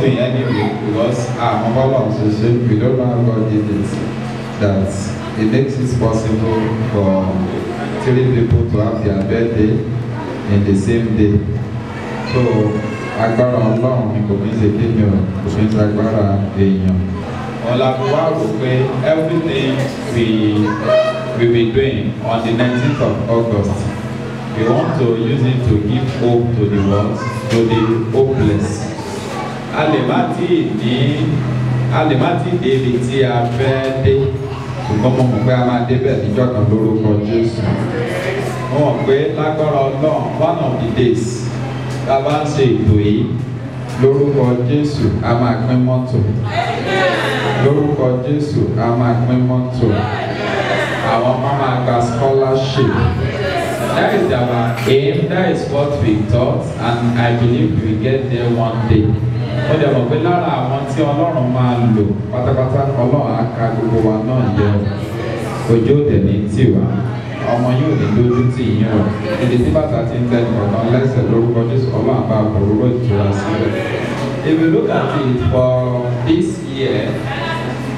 to in any way because ah mama long so so we don't know how God did it that it makes it possible for three people to have their birthday in the same day so agbára Ọlọ́run ni kò ní ṣe kéde o kò ní ṣe agbára èèyàn. ọ̀làbùwá rò pé everything we we be doing on the nineteenth of August we want to use it to give hope to the world to the hopeless a lè má tí ì ní a lè má tí ì dé ibi tí a fẹ́ dé ṣùgbọ́n mo mọ̀ pé a máa débẹ̀ níjọ́ kan lórúkọ Jésù mo mọ̀ pé lágbára Ọlọ́run one of the days tá a bá ń ṣe ètò yìí lórúkọ Jésù a máa pín mọ́tò lórúkọ Jésù a máa pín mọ́tò àwọn ọmọ máa gba scholarship. That is our aim. That is what we thought, and I believe we get there one day ó dẹ̀ mọ̀ pé lára àwọn tí ọlọ́run máa lò pátápátá ọlọ́run á ka gbogbo wa náà yẹ ojú òdè ní tiwa ọmọ yóò ní lójú tì yín o èdè tí bàtà ti ń tẹnu ọ̀kan lẹ́sẹ̀ lórúkọ jésù ọlọ́run àbá òróró ìtura sílẹ̀. If you look at it for this year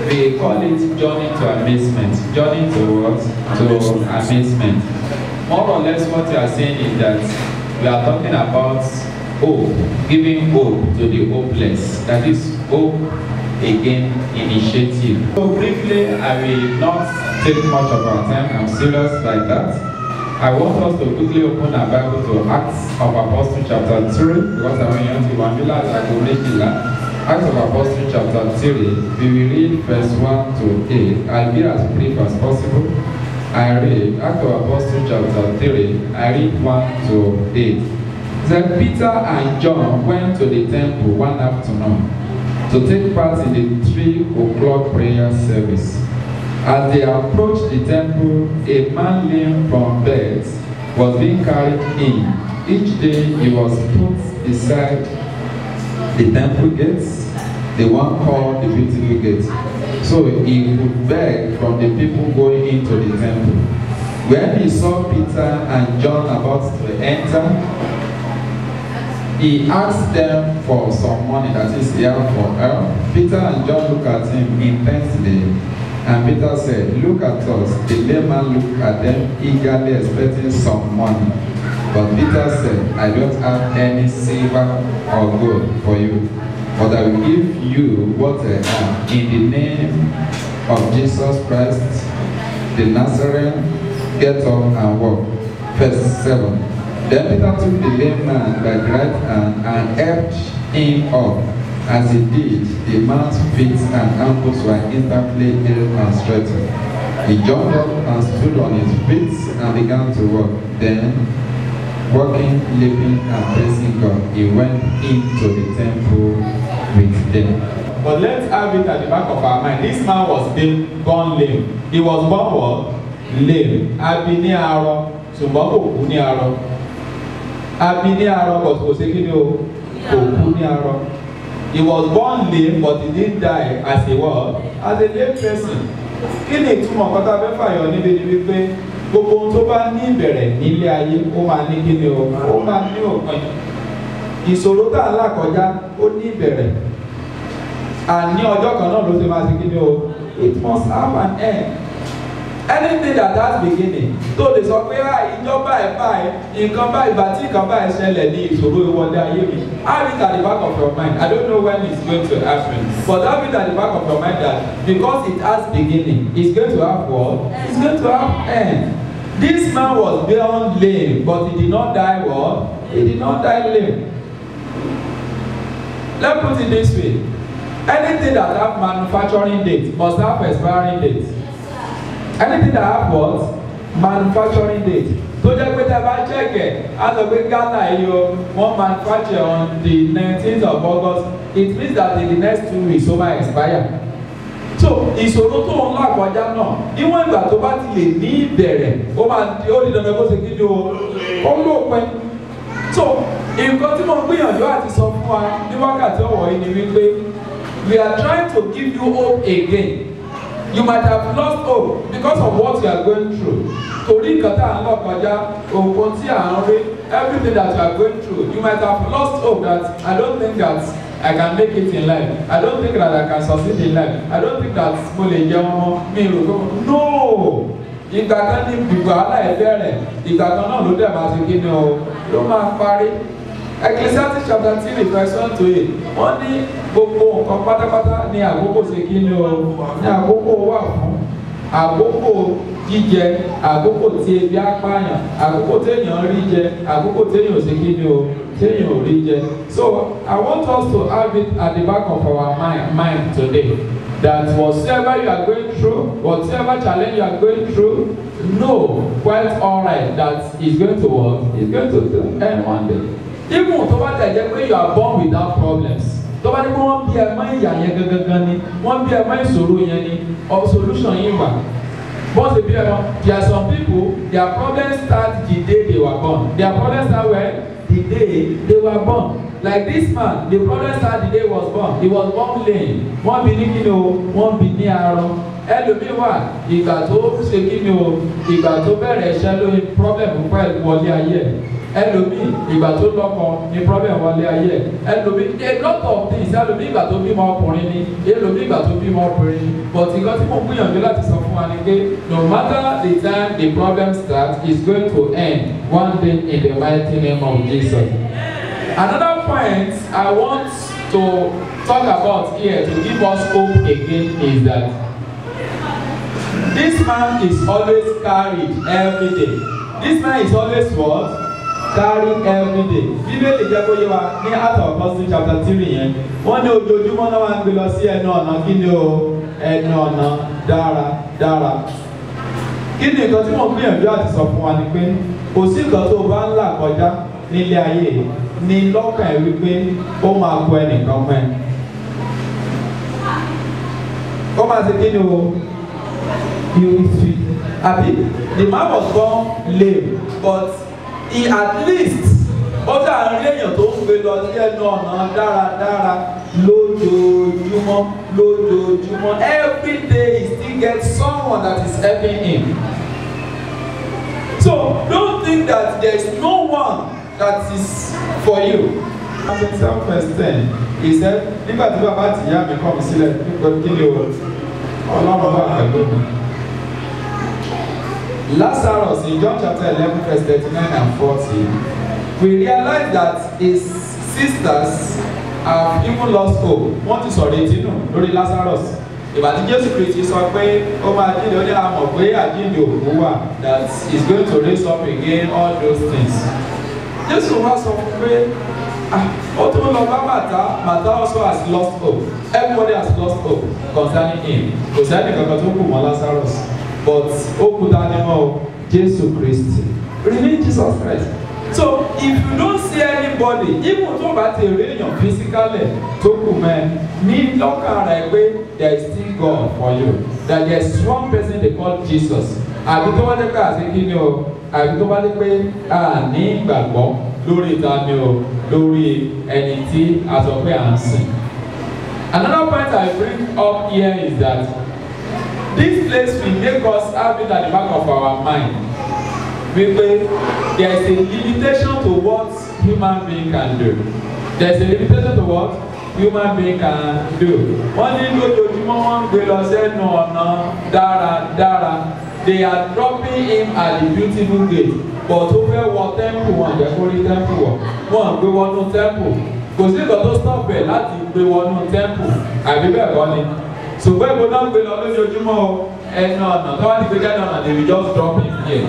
we call it journey to amazement journey to what to amazement more or less what we are saying is that we are talking about hope, giving hope to the hopeless. That is hope again initiative. So briefly, I will not take much of our time. I'm serious like that. I want us to quickly open our Bible to Acts of Apostles chapter 3 because àwọn èèyàn ti wà nílá àgbàgbọ́ méjìlá. Acts of Apostles chapter 3 we will read verse 1 to 8. I'll be as brief as possible. I read Acts of Apostles chapter 3 I read 1 to 8. Then Peter and John went to the temple one afternoon to take part in the three o'clock prayer service. As they approached the temple, a man lame from birth was being carried in. Each day he was put beside the temple gates, the one called the beautiful gate, so he could beg from the people going into the temple. When he saw Peter and John about to enter, He asked them for some money, that is, here for help. Peter and John looked at him intensely, and Peter said, Look at us. The layman looked at them eagerly, expecting some money. But Peter said, I don't have any silver or gold for you, but I will give you what I have. In the name of Jesus Christ, the Nazarene, get up and walk. Verse 7. Then Peter took the lame man by the right hand and helped him up. As he did, the man's feet and ankles were instantly healed and straightened. He jumped up and stood on his feet and began to walk. Then, walking, leaping, and praising God, he went into the temple with them. But let's have it at the back of our mind. This man was being born lame. He was born what? Lame. Abiniaro, bí ní arọ, a bí ní arọ but kò sí kí ni o kò kú ní arọ he was born lame but he didn't die as a was as a lame person kí ni ìtumọ̀ kọ́tà fẹ́ fàyọ níbi ni wípé gbogbo ohun tó bá ní ìbẹ̀rẹ̀ nílé ayé ó máa ní kí ni o ó máa ní òpin ìṣòro tá a là kọjá ó ní ìbẹ̀rẹ̀ àní ọjọ́ kan náà ló ti máa ti kí ni o it must have an end anything that has beginning tó lè sọ pé ah, ìjọ báyìí báyìí nǹkan báyìí bàtí nǹkan báyìí ṣẹlẹ̀ ní ìṣòro ìwọlé ayé mi have it at the back of your mind I don't know when it's going to happen but have it at the back of your mind that because it has beginning it's going to have war. it's going to have end this man was born lame but he did not die war. he did not die lame let's put it this way anything that have manufacturing date must have expiring date anything that have what manufacturing date tó jẹ́ pé tẹ́ bá jẹ́kẹ̀ á sọ pé Ghana yìí o wọ́n manufacture on the nineteenth of August it means that in the next two weeks ó máa expire so ìṣòro tó ń là kọjá náà níwọ̀n ìgbà tó bá ti lè ní ìbẹ̀rẹ̀ ó máa di ó di dandan bó ṣe kí ni o ó lò pẹ́ so nǹkan tí mo ń gbìyànjú àti sọ fún wa ní wákàtí ọ̀wọ́ yìí ni wípé we are trying to give you hope again you might have lost hope because of what you are going through torí nǹkan tá à ń lọ kọjá òògùn tí everything that you are going through you might have lost hope that I don't think that I can make it in life I don't think that I can succeed in life I don't think that mo lè jẹ ọmọ mi rò pé no ìgbà kan ní ìgbà aláìbẹ̀rẹ̀ ìgbà kan náà ló dẹ̀ máa ti kí ni o ló máa parí Ecclesiastes chapter three verse one to eight wọ́n ní gbogbo nǹkan pátápátá ní àkókò ṣe ni o ní àkókò wà fún àkókò jíjẹ àkókò tí ebi apáyàn àkókò téèyàn rí jẹ àkókò téèyàn ò ni o téèyàn ò rí jẹ so I want us to have it at the back of our mind, mind today that whatever you are going through whatever challenge you are going through know quite alright that it's going to work it's going to end one day even tó bá tẹ̀ jẹ́ pé you are born without problems tọ́ba ní pé wọ́n bí ẹ mọ́ ìyà yẹn gangan ni wọ́n bí ẹ mọ́ ìṣòro yẹn ni of solution yìí wà bọ́n ṣe bí ẹ mọ́ there are some people their problems start the day they were born their problems start when the day they were born like this man the problem start the day he was born he was born lame wọ́n bí ní kí ni o wọ́n bí ní arọ ẹlòmíín wà ìgbà tó ṣe kí ni o ìgbà tó bẹ̀rẹ̀ iṣẹ́ lórí problem pẹ̀lú wọlé ayé ẹ̀ ẹlòmíì ìgbà tó lọ́kọ ni problem wọlé ayé ẹlòmíì a lot of things ẹlòmíì ìgbà tó bímọ ọkùnrin ni ẹlòmíì ìgbà tó bímọ ọkùnrin ni but nǹkan tí mo gbìyànjú láti sọ fún wa ni pé no matter the time the problem start is going to end one day in the mighty name of Jesus. Another point I want to talk about here to give us hope again is that this man is always carried every day. This man is always what? carry every day bíbélì jẹ́ kó yé wa ní Acts of Apostles chapter three yẹn wọ́n ní ojoojúmọ́ náà wọ́n á gbé lọ sí ẹnu ọ̀nà kí ni o ẹnu ọ̀nà dára dára kí ni nǹkan tí mo gbìyànjú àti sọ fún wa ni pé kò sí nǹkan tó bá ń là kọjá nílé ayé ní lọ́kàn ẹ̀ wípé ó máa kọ ẹnìkan mọ́ ẹ ó máa ṣe kí ni o you fit àbí the man was born lame but he at least ó dàrí èèyàn tó ń gbé lọ sí ẹnu ọ̀nà dáradára lójoojúmọ́ lójoojúmọ́ every day he still get someone that is helping him so don't think that there is no one that is for you twenty-seven verse ten ìṣe nígbà tí bàbá àtìyá mi kọ́ mi sílẹ̀ nípa kí ni o ọlọ́run wà pẹ̀lú mi. Lazarus in John chapter 11, verse 39 and 40, we realize that his sisters have even lost hope. Wọ́n ti sọ̀rọ̀ etí nù lórí Lazarus. Ìgbà tí Jésù Kristi sọ pé ó máa jíǹde ó ní àmọ̀ pé àjíǹde òkú wà that is going to raise up again all those things. Jésù wá sọ fún pé ah, ó tún lọ bá Màtá Màtá also has lost hope. Everybody has lost hope concerning him. Kò sẹ́ni kankan tó kù mọ́ Lazarus but ó kú dání mọ́ o Jésù Kristi really Jesus Christ so if you don't see anybody even tó bá ti rí èèyàn physically tó kù mẹ́ ní lọ́kàn rẹ̀ pé there is still God for you that there is one person they call Jesus àbí tó bá jẹ́ pé àti kí ni o àbí tó bá jẹ́ pé a ní ìgbàgbọ́ lórí ìtàní o lórí ẹni tí a sọ pé à Another point I bring up here is that this place will make us have it at the back of our mind wípé there is a limitation to what human being can do there is a limitation to what human being can do wọ́n ní lójoojúmọ́ wọ́n ń gbé lọ sẹ́nu ọ̀nà dáradára they are dropping him at the beautiful gate but ó fẹ́ wọ temple wọn jẹ́ kó temple wọ̀ wọ́n gbé wọnú temple kò sí ìkọ́ tó stop ẹ̀ láti gbé wọnú temple àbí bẹ́ẹ̀ kọ́ ni ṣùgbọ́n ìbò náà gbé lọ lójoojúmọ́ ẹnu ọ̀nà tó wá ní gbẹjẹ́ ọ̀nà they will just drop him here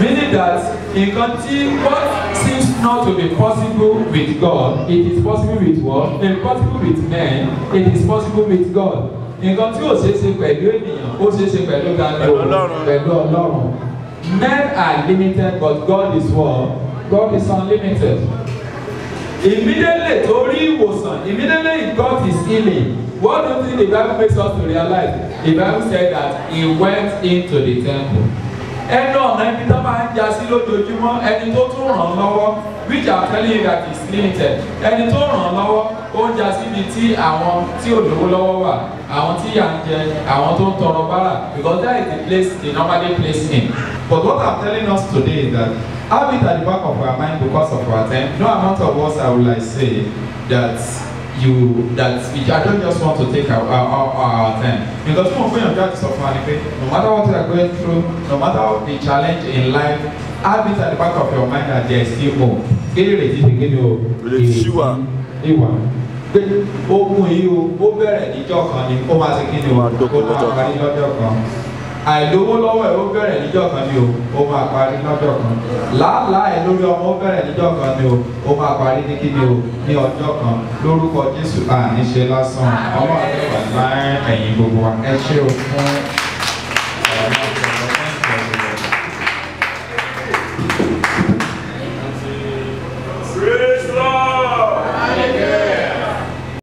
meaning that nǹkan tí what seems not to be possible with God it is possible with what impossible eh, with men it is possible with God nǹkan tí ò ṣeé ṣe pẹ̀lú ènìyàn ó ṣeé ṣe pẹ̀lú gbàgbọ́ pẹ̀lú ọlọ́run men are limited but God is what God is unlimited immediately tó rí ìwòsàn immediately God is healing. What do you think the Bible makes us to realize? The Bible said that he went into the temple. Ẹnu ọ̀nà ibi tó máa ń jásí lójoojúmọ́ ẹni tó tún ràn lọ́wọ́ which are telling you that is limited. Ẹni tó ràn lọ́wọ́ ó ń jásí ibi tí àwọn tí ò lówó lọ́wọ́ wà, àwọn tí yà ń jẹ, àwọn tó ń tọrọ bárà because that is the place they normally place in. But what I'm telling us today is that have it at the back of our mind because of our time. No amount of words I would like say that you that I don't just want to take our our, our time because mo fẹ́ràn bí a ti sọ fún no matter what you are going through no matter the challenge in life have it at the back of your mind that there is still hope kéèrè ti fi kéde o ìwà ìwà pé ogun yìí o ó bẹ̀rẹ̀ níjọ́ kan ni ó máa ṣe kí o ó máa parí lọ́jọ́ kan àìlówó lọ́wọ́ ẹ̀ ó bẹ̀rẹ̀ níjọ́ kan ni o ó máa parí lọ́jọ́ kan làálàá ẹ̀ lórí ọmọ ó bẹ̀rẹ̀ níjọ́ kan ni o ó máa parí ní kíni o ní ọjọ́ kan lórúkọ Jésù àníṣe lásán ọmọ àti ọ̀gá ẹ̀yìn gbogbo wa ẹ ṣé o fún.